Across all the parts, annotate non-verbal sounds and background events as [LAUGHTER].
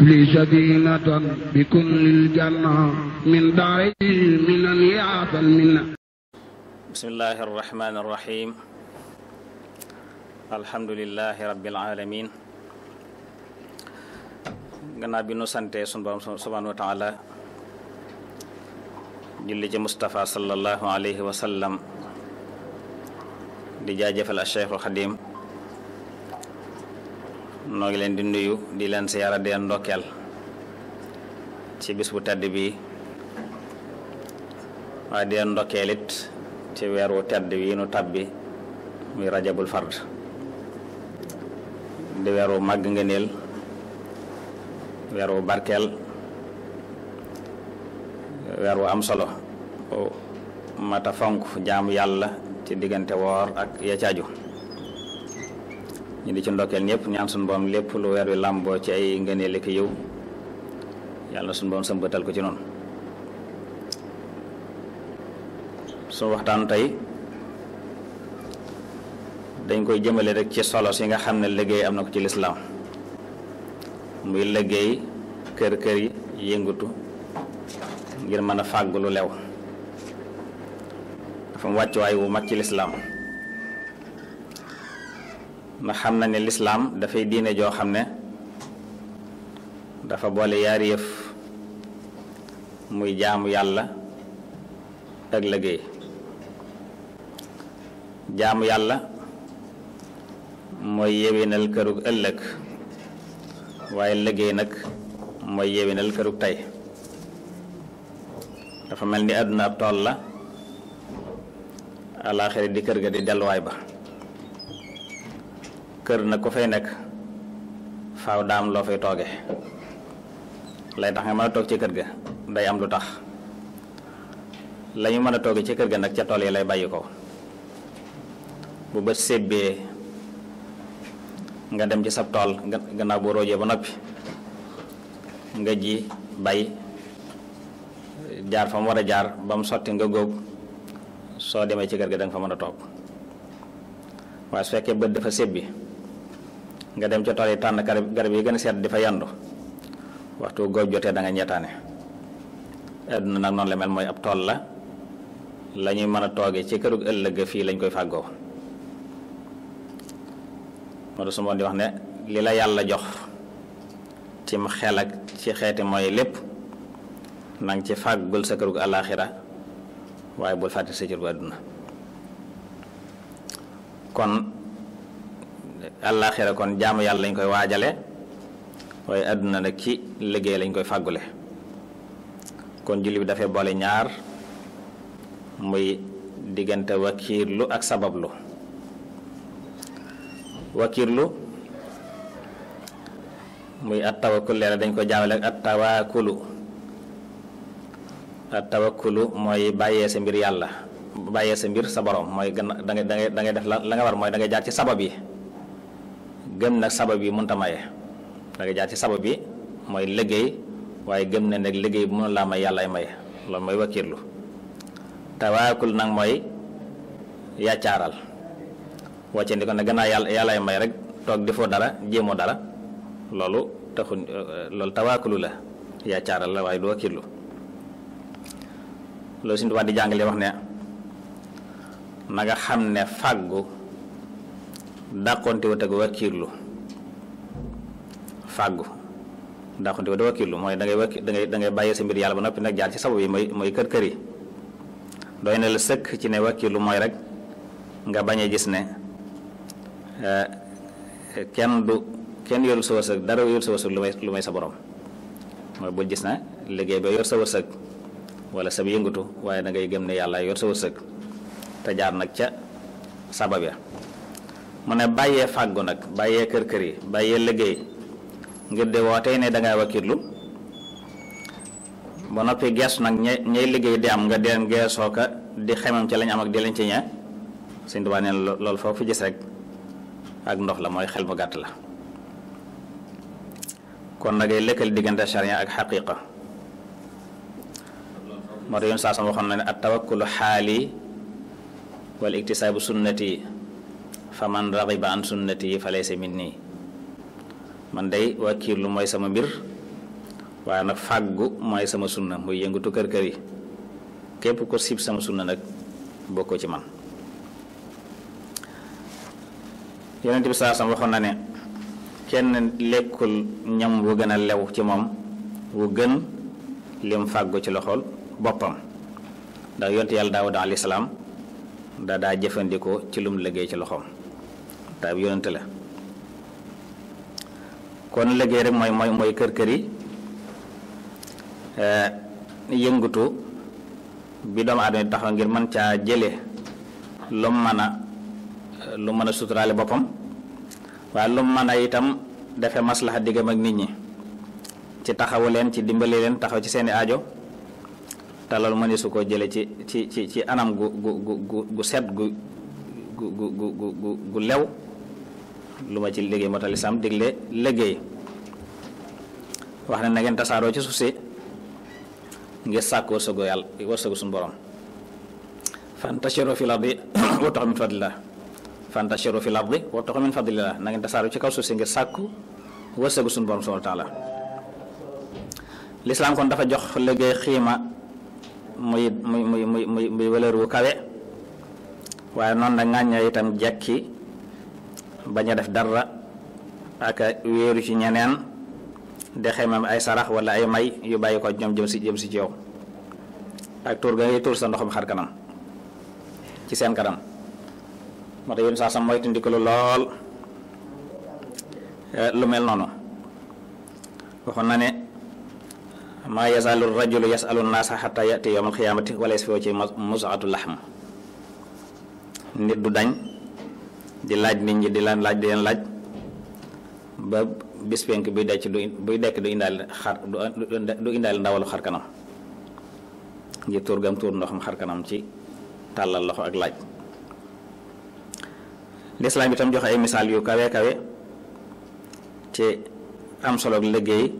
لي سكينة بكل الجنة من داري من يعطى sante sun borom subhanahu Mustafa sallallahu alayhi wa sallam di jaajëfal Cheikhul Xadim noo leen di nuyu di leen siyaara di leen ndokkeel ci bis tedd bi waaye di leen ndokkeel ci weer wu tedd wi nu tàbbi muy rajabul fard di weer magg màgg ngëneel weer wu barkeel weer wu am solo mata fonk jaamu yàlla ci diggante woor ak ya ñu di ci ndokkeel ñëpp ñaan suñu boom lépp lu weer wi làmboo ci ay ngëneel ak yow yàlla suñu boom sëmbatal ko ci noonu suñu waxtaan tey dañ koy jëmale rek ci solo si nga xam ne liggéey am na ko ci lislaam muy liggéey kër kër yi yëngatu ngir mën a fàgg lu lew dafa wàccuwaay wu mag ci lislaam ndax xam na ne lislaam dafay diine joo xam ne dafa boole yaar yëf muy jaamu yàlla ak liggéey jaamu yàlla mooy yewinal kërug ëllëg waaye liggéey nag mooy yewinal kërug tey dafa mel ni àdduna ab tool la alaaxira di kër ga di delluwaay ba kër nag ko fay nekk faaw daam loo fay tooge lay tax nga mën a toog ci kër ga day am lu tax lañu mën a tooge ci kër ga nag ca tool yi lay bàyyi ko bu bët sébbee nga dem ci sab tool gannaaw boo roojee ba noppi nga ji bay jaar fa mu war a jaar ba mu sotti nga góob soo demee ci kër ga danga fa mën a toog waaye su fekkee bët dafa sébbi nga dem ca tool yi tànn garab yi gën a sedd di fa yandu waxtu góob jotee danga ñettaane ñeetaane àdduna nag noonu la mel mooy ab tool la lañuy mën a toogee ci kërug ëllëg fii lañ koy fàggoo moo tax su di wax ne li la yàlla jox cim xel ak ci xeeti mooy lépp na nga ci fàggul sa kërug àllaaxira waaye bul fàtte sa kërug àdduna kon àllaaxira kon jaamu yàlla lañ koy waajale waaye àdduna nag ci liggéey lañ koy fàggule kon julli bi dafay boole ñaar muy diggante wakiirlu ak sabablu wakiirlu muy at tawakkul leena dañ ko jaawale ak at tawakkulu at tawakkulu mooy bàyyee sa mbir yàlla bàyyee sa mbir sa borom mooy gën da ngay da ngay def la la nga war mooy da ngay jaar ci sabab yi gëm nag sabab yi mënut ta maye danga nga jaar ci sabab yi mooy liggéey waaye gëm ne nag liggéey bu mënul laa may yàllaay maye loolu mooy wakiirlu tawaakul nag mooy yàccaaral wàcce ndi ko ne gënaa yàlla yàllaay may rek toog defoo dara jéemoo dara loolu taxu loolu tawaakulu la yàccaaral la waaye du wakiirlu loolu suñu tubaab di jàngale wax ne na nga xam ne fàggu dàqonte wut ak wakiirlu fàggu dàqonte wut ak wakiirlu mooy da ngay wakki da ngay da ngay sa mbir yàlla ba noppi nag jaar ci sabab yi mooy mooy kër kër yi doy na la sëkk ci ne wakiirlu mooy rek nga bañ gis ne eh, kenn du kenn yorul sa wërsëg dara yorul sa wërsëg lu may lu sa borom mooy bul gis na liggéey ba yor sa wërsëg wala sa yëngatu waaye da ngay gëm ne yàlla yor sa wërsëg te jaar nag ca sabab ya mu ne bàyyee fàggu nag bàyyee kër kër yi bàyyee liggéey ngir di wootee ne dangay lu ba noppi geesu nag ñay ñay liggéey di am nga dem geesoo ka di xemam ci lañ am ak di lañ ci ñee Sëñ Tuubaa loolu foo fi gis ak ndox la mooy xel mu gàtt la kon nagay lëkkal diggante charia ak xaqiqa moo tax yoon saa sama waxoon na ne at tawakkulu xaali wal iktisaabu sunnati fa man radiba an sunnati fa laysa minni man day wakiilu mooy sama mbir waaye nag fàggu mooy sama sunna muy yëngatu kër kër yi képp ko sib sama sunna nag bokkoo ci man yonent bi saa sam waxoon na ne kenn lekkul ñam wu gën a lew ci moom wu gën lim fàggu ci loxol boppam ndax yonent yàlla daawud alayhi salaam da daa jëfandikoo ci lum liggéey ci loxoom taab yonent la kon liggéey rek mooy mooy mooy kër kër yi eh, yëngatu bi doomu aadama yi taxaw ngir mën caa jële lu mën a lu mën a suturaale boppam waaye lu mën a itam dafa maslaxa diggam ak nit ñi ci taxawu leen ci dimbali leen taxaw ci seeni aajo te loolu mënee su koo jële ci ci ci ci anam gu set gu gu gu gu gu lew lu ma ci liggéey moo tax lislaam digle liggéey wax na ngeen tasaaroo ci suuf si ngir sàkk wërsëgu yàlla wërsëgu suñu borom fantashiru fil ardi wabtaxu ci kaw suuf si ngir sàkku wërsëgu suñu borom subhaanahu wa taala lislaam kon dafa jox liggéey xiima muy muy muy muy muy valeur wu kawe waaye noonu la ŋàññee itam jekki bañ a def dara ak wéeru ci ñeneen de xemam ay sarax wala ay may yu bàyyi ko ñoom jëm si jëm si ci yow ak tuur ga ngay tuur sa ndoxum xar kanam ci seen kanam moo tax yéen saa sam mooy tindikalu lool eh, lu mel noonu waxoon na ne maa yazalu rajulu yasalu naasa xata yati yowmal xiyaamati wala yasfiu ci musaatu laxm nit du dañ di laaj nit ñi di leen laaj di leen laaj ba bis penk buy decc du buy dekk du indaale xar du indaale ndawalu xar kanam ngir tuur gam tuur ndoxam xar kanam ci tàllal loxo ak laaj lislaam itam joxe ay misaal yu kawe kawe ci am solo liggéey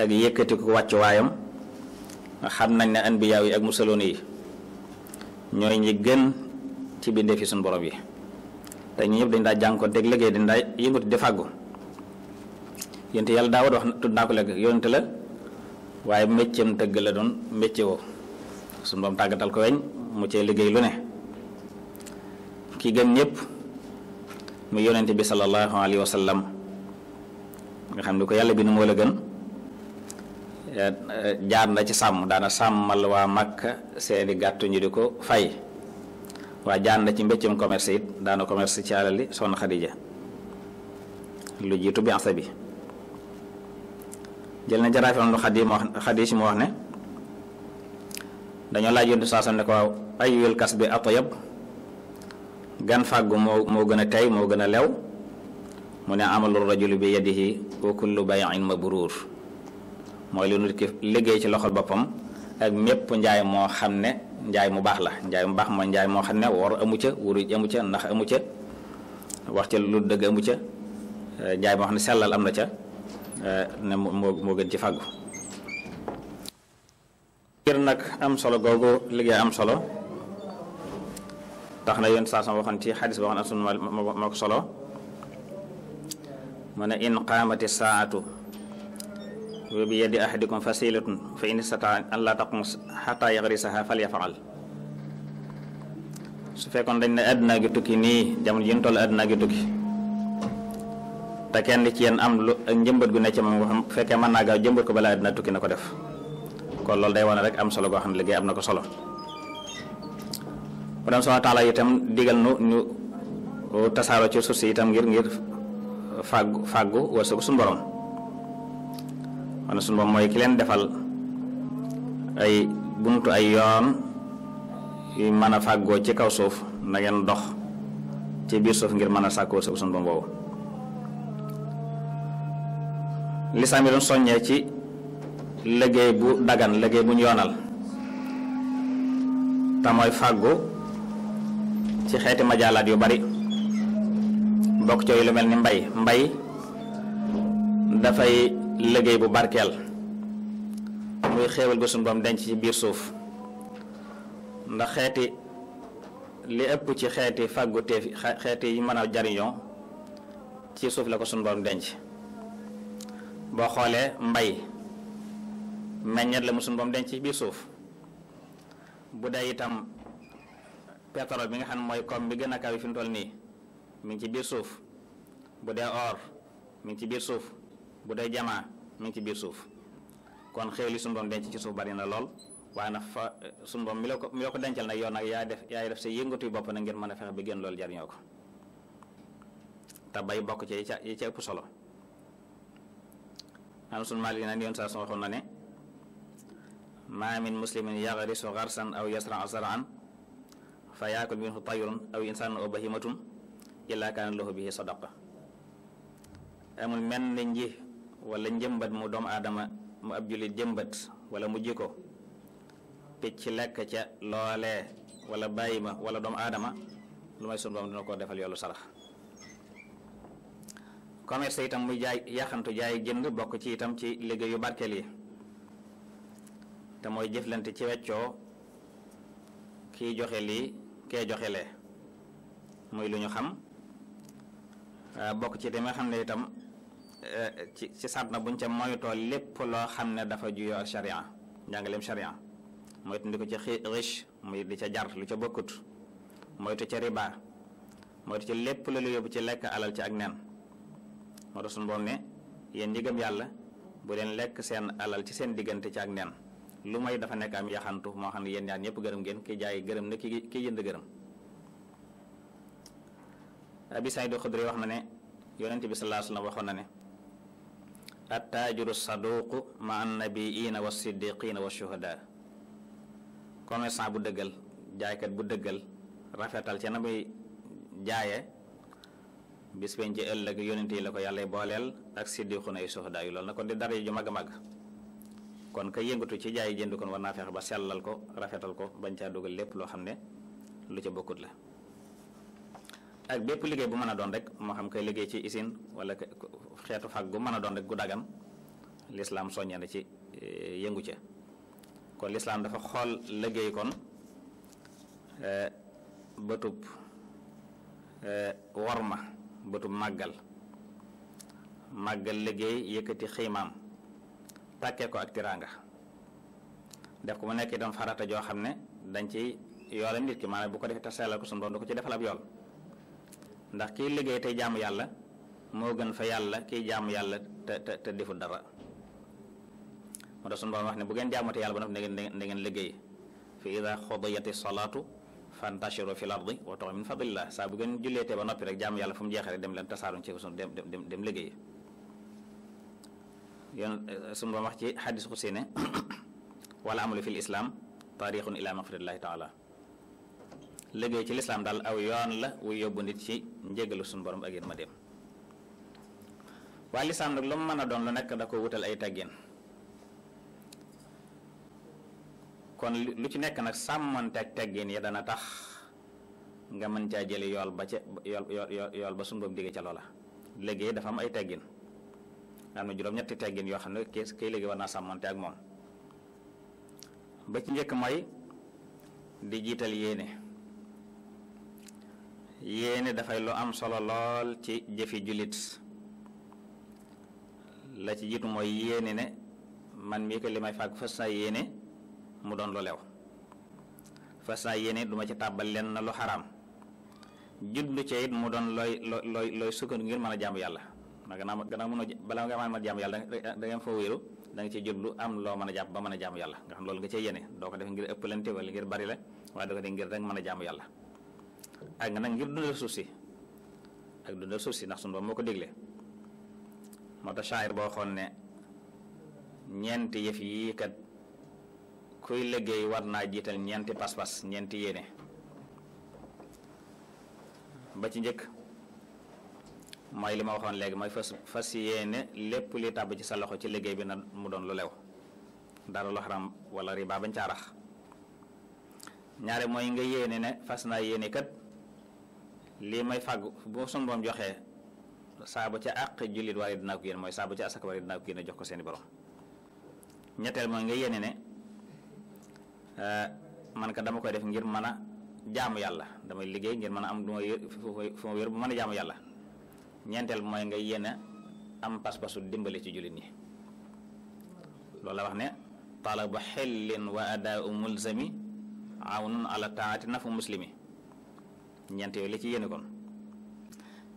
ak yëkkati ko wàccu waayam xam nañ ne anbiyaaw yi ak musaloon yi ñooy ñi gën ci bindee fi suñu borom yi te ñu ñëpp dañ daa jànkuwanteeg liggéey dañ daa yëngatu di fàggu yonte yàlla daawut wax tudd naa ko lekk yonte la waaye mécceem tëgg la doon mécce woo suñu tàggatal ko weñ mu cee liggéey lu ne ki gën ñëpp mu yonente bi sallallahu alayhi wa sallam nga xam ne ko yàlla bi nu moo la gën eh, eh, jaar na ci sàmm daana sàmmal waa Makka seeni gàttu ñu di ko fay waa jaan na ci mbeccum commerce it daana commerce ci alali soxna Xadija lu jiitu bi bi jël na jaraafam lu xadi mu wax xadi si mu wax ne dañoo laaj yontu saasam ne ko waaw ayul kas bi atyab gan fàggu moo moo gën a tey moo gën a lew mu ne amalu rajulu bi yadihi wa kullu bayin mabruur mooy lu nit ki liggéey ci loxol boppam ak mépp njaay moo xam ne njaay mu baax la njaay mu baax mooy njaay moo xam ne wor amu ca wuruj amu ca ndax amu ca wax ca lu dëgg amu ca eh, njaay moo xam ne sellal am na ca eh, ne moo gën ci fàggu ngir nag am solo googu liggéey am solo tax na yoon saa sama waxoon ci xadis boo xam ne am sunu moo ko solo mu ne in qaamati saatu bi yadi ahadikum fasilatun fa in istata an la taqum xata yagrisaha falyafal su fekkoon dañ ne àdduna gi tukki nii jamono ji ñu toll kenn ci yéen am lu njëmbat gu ne ci moom fekkee mën naa gaaw jëmbat ko balaa àdduna tukki na ko def kon loolu day wane rek am solo goo xam ne liggéey am na ko solo borom sama taala itam digal nu ñu tasaaroo ci suuf si itam ngir ngir fàggu fàggu wërsëgu suñu borom xam ne suñu moom mooy ki leen defal ay bunt ay yoon mën a fàggoo ci kaw suuf na ngeen dox ci biir suuf ngir mën a sàkkoo sëg suñu boom boobu lislaam yi doon soññee ci liggéey bu dagan liggéey bu yoonal te mooy fàggu ci xeeti majaalaat yu bari bokk ci lu mel ni mbay mbay dafay liggéey bu barkeel muy xéewal gu suñu borom denc ci biir suuf ndax xeeti li ëpp ci xeeti fàggu xeeti yi mën a jariñoo ci suuf la ko suñu borom denc boo xoolee mbay meññet la mu suñu borom denc ci biir suuf bu dee itam pétrole bi nga xam ne mooy koom bi gën a kaw yi fi nii mi ngi ci biir suuf bu dee or mi ngi ci biir suuf bu dee jamaa mi ngi ci biir suuf kon xéew li denc ci suuf bari na lool waaye na fa eh, suñu borom mi la ko mi la ko dencal nag yow nag yaa def yaay def sa yëngatu bopp nag ngir mën a fexe ba génn loolu jariñoo ko te bay bokk ci yi ca ëpp solo am suñu maalik nag yoon saa su na ne maa min muslimin yaxrisu xarsan aw yasran asraan fa yaakul minhu tayrun aw insaan aw bahimatun illaa amul menn nji wala njëmbat mu doomu aadama mu ab jullit jëmbat wala mu ji ko picc lekk ca loolee wala bàyyi ma wala doomu aadama lu may sun boom dina ko defal yoolu sarax commerce itam muy jaay yaxantu jaay jënd bokk ci itam ci liggéeyu barkeel yi te mooy jëflante ci weccoo kiy joxe lii kee joxe lee muy lu ñu xam bokk ci dama xam ne itam Euh, ci ci na buñ ca moytoo lépp loo xam ne dafa juyoo ak sharia njàngaleem sharia moytu ndi ko ci riche muy di ca jar lu ca bokkut moytu ca riba moytu ci lépp la lu yóbbu ci lekk alal ci ak nen moo tax suñu boom ne yéen ñi yàlla bu leen lekk seen alal ci seen diggante ci ak nen lu may dafa nekk am yaxantu moo xam ne yéen ñaar ñëpp gërëm ngeen ki jaay gërëm na ki ki jënd gërëm abi sayyid wax na ne yonent bi sallallahu alayhi wasallam waxoon na ne attaajuru saduqu ma annabiina wa siddiqina wa shuhada commerçant bu dëggal jaaykat bu dëggal rafetal ca na muy jaaye bis bañ ci ëllëg yonent yi la ko yàlla booleel ak siddiqu na ay shuhada yu loolu na kon di dara ju mag a mag kon ka yëngatu ci jaay jënd kon war naa fexe ba sellal ko rafetal ko bañ caa dugal lépp loo xam ne lu ca bokkut la ak bépp liggéey bu mën a doon rek moo xam koy liggéey ci usine wala xeetu fag gu mën a doon rek gu dagan lislaam soññee na ci eh, yëngu ca kon lislaam dafa xool liggéey kon eh, bëtub eh, ma bëtub màggal màggal liggéey yëkkati xiimaam tàkkee ko ak tiraanga def ko mu nekk itam farata joo xam ne dañ ci yoolam nit ki maanaam bu ko defee te sellal ko suñu doon du ko ci defal ab yool ndax kiy liggéey tey jaamu yàlla moo gën fa yàlla kiy jaamu yàlla te defu te deful dara moo tax sunu wax ne bu ngeen jaamootee yàlla ba noppi na ngeen na ngeen liggéey fa ida xodiyati salaatu fantashiru fil ardi wabtaxu min fadlillah saa bu ngeen julleetee ba noppi rek jaamu yàlla fu mu jeexee rek dem leen tasaaruñ ci sunu dem dem dem wax ci xadis xussi ne [COUGHS] wala amalu fil islam taarixun ila magfiratillahi taala liggéey ci lislaam daal aw yoon la wu yóbbu nit ci njégalu suñu borom ak yéen ma dem waaye lislaam nag lu mu mën a doon lu nekk da ko wutal ay teggin kon lu ci nekk nag sàmmante ak teggin yi dana tax nga mën caa jële yool ba ca yool ba suñu borom digge ca loola liggéey dafa am ay teggin am na juróom-ñetti teggin yoo xam ne kii kay liggéey war naa sàmmante ak moom ba ci njëkk mooy di jiital yéene yéene dafay lu am solo lool ci jëfi jullit la ci jitu mooy yéene ne man mii ko li may fàgg fas naa yéene mu doon lu lew fas naa yéene ci tàbbal lenn lu xaraam jublu ci it mu doon looy looy looy sukkandu ngir mën a jaamu yàlla ma gannaaw gannaaw mën a balaa nga mën a jaamu yàlla da ngeen foo wéeru da nga ci jublu am loo mën a jàpp ba mën a jaamu yàlla nga xam loolu nga cee yéene doo ko def ngir ëppalante wala ngir bari la waaye doo ko def ngir rek mën a jaamu yàlla ak nga nag ngir dundal suuf si ak dundal suuf si ndax sunu borom moo ko dégle moo tax shaayir boo xoon ne ñeenti yëf yii kat kuy liggéey war naa jiital ñeenti pas-pas ñeenti yéene ba ci njëkk mooy li ma waxoon léegi mooy fas fas yéene lépp li tàbb ci sa loxo ci liggéey bi na mu doon lu dara lu xaram wala riba bañ mooy nga yéene ne fas naa yéene kat lii may fàggu boo sunu borom joxee saaba ca àq jullit waaye dinaa ko yéen mooy saaba ca asaka waaye dinaa ko yéen jox ko seeni borom ñetteel mooy nga yéene ne euh, man ka dama koy def ngir mën a jaamu yàlla damay liggéey ngir mën a am du ma mën a jaamu yàlla ñeenteel mooy nga yéene am pas-pasu dimbale ci jullit ñi loolu la wax ne talabu xellin wa adaa mulzami awnun ala taati nafu muslimi ñeent yooyu la ci yéene kon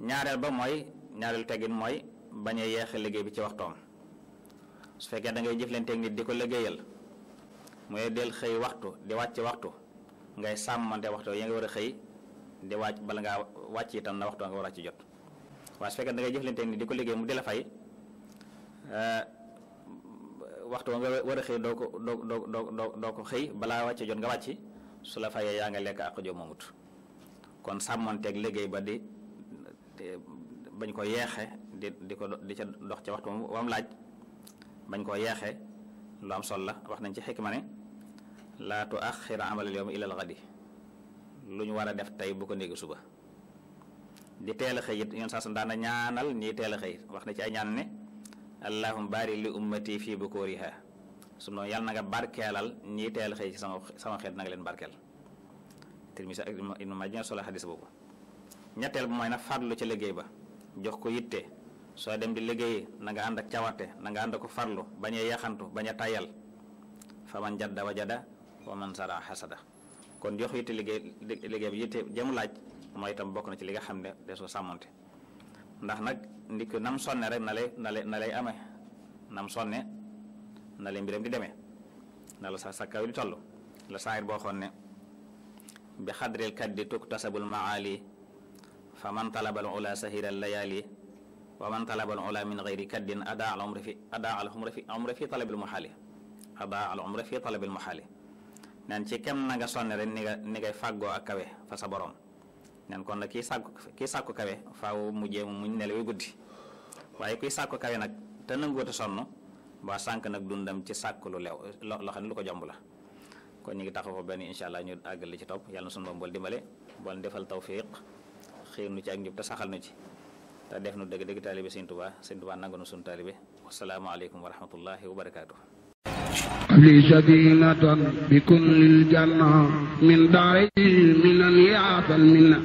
ñaareel ba mooy ñaareel teggin mooy bañ a liggéey bi ci waxtoom su fekkee da ngay jëflanteeg nit di ko liggéeyal mooy del xëy waxtu di wàcc waxtu ngay sàmmante waxtu ya nga war a xëy di wàcc bala ngaa wàcc itam na waxtu nga ci jot waaye su da ngay jëflanteeg nit di ko liggéey mu di la fay eh, waxtoo nga war a xëy doo ko doo doo doo doo ko xëy balaa wàcc jot nga wàcc su la fayee yaa nga lekk ak jom moomut kon sàmmonteeg liggéey ba di bañ ko yeexe di di ko di ca dox ca waxtu wam laaj bañ koo yeexe lu am sol la wax nañ ci xikma ne laa tu axira amalal yawmi ilal gadi lu ñu war a def tey bu ko néegi suba di teel a xëy it ñun saa su daana ñaanal ñiy teel a xëy wax na ci ay ñaan ne allahum baari li ummati fii bukuuriha su noonu yàlla na nga barkeelal ñiy teel a xëy ci sama sama xeet na leen barkeel Tirmisi ak Ibnu Maaja solo xadis boobu ñetteel ba mooy nag farlu ci liggéey ba jox ko yitte soo dem di liggéeyi nanga nga ànd ak cawarte nanga nga ànd ko farlu bañ a yaxantu bañ a tayal fa man jadda wajada wa man sara xasada kon jox yitte liggéey liggéey bi yitte jamu laaj mooy itam bokk na ci li nga xam ne des ko sàmmonte ndax nag ndi nam sonne rek na lay na lay na nam sonne na lay mbiram di demee na la sa sa kaw di toll la saayir boo xoon bi xadril kaddi tuktasabul maali fa man talabal ula sahiral layaali wa man talabal ula min gayri kaddin adaa al umri fi adaa al umri fi talabil muxaali adaa al ci kem na nga ni nga ni ngay fàggoo ak kawe fa sa borom neen kon nag kii sàkku kii sàkku kawe faaw mu jéem muñ nelaw guddi waaye kuy sàkku kawe nag te nanguwut a sonn ba sànq nag dundam ci sàkk lu lew loo ne lu ko jomb la kon ñu ngi taxaw fa benn incha allah ñu àggal li ci topp yàlla na sunu borom bool dimbale bool defal tawfiq xiir nu ci ak njub te saxal nu ci te def nu dëgg dëgg taalibe sëñ Tuubaa sëñ Tuubaa nangu nu sunu taalibe wassalaamu aleykum wa rahmatullahi wa barakaatu li sadinatan bi kun lil janna min daari minan yaatal minna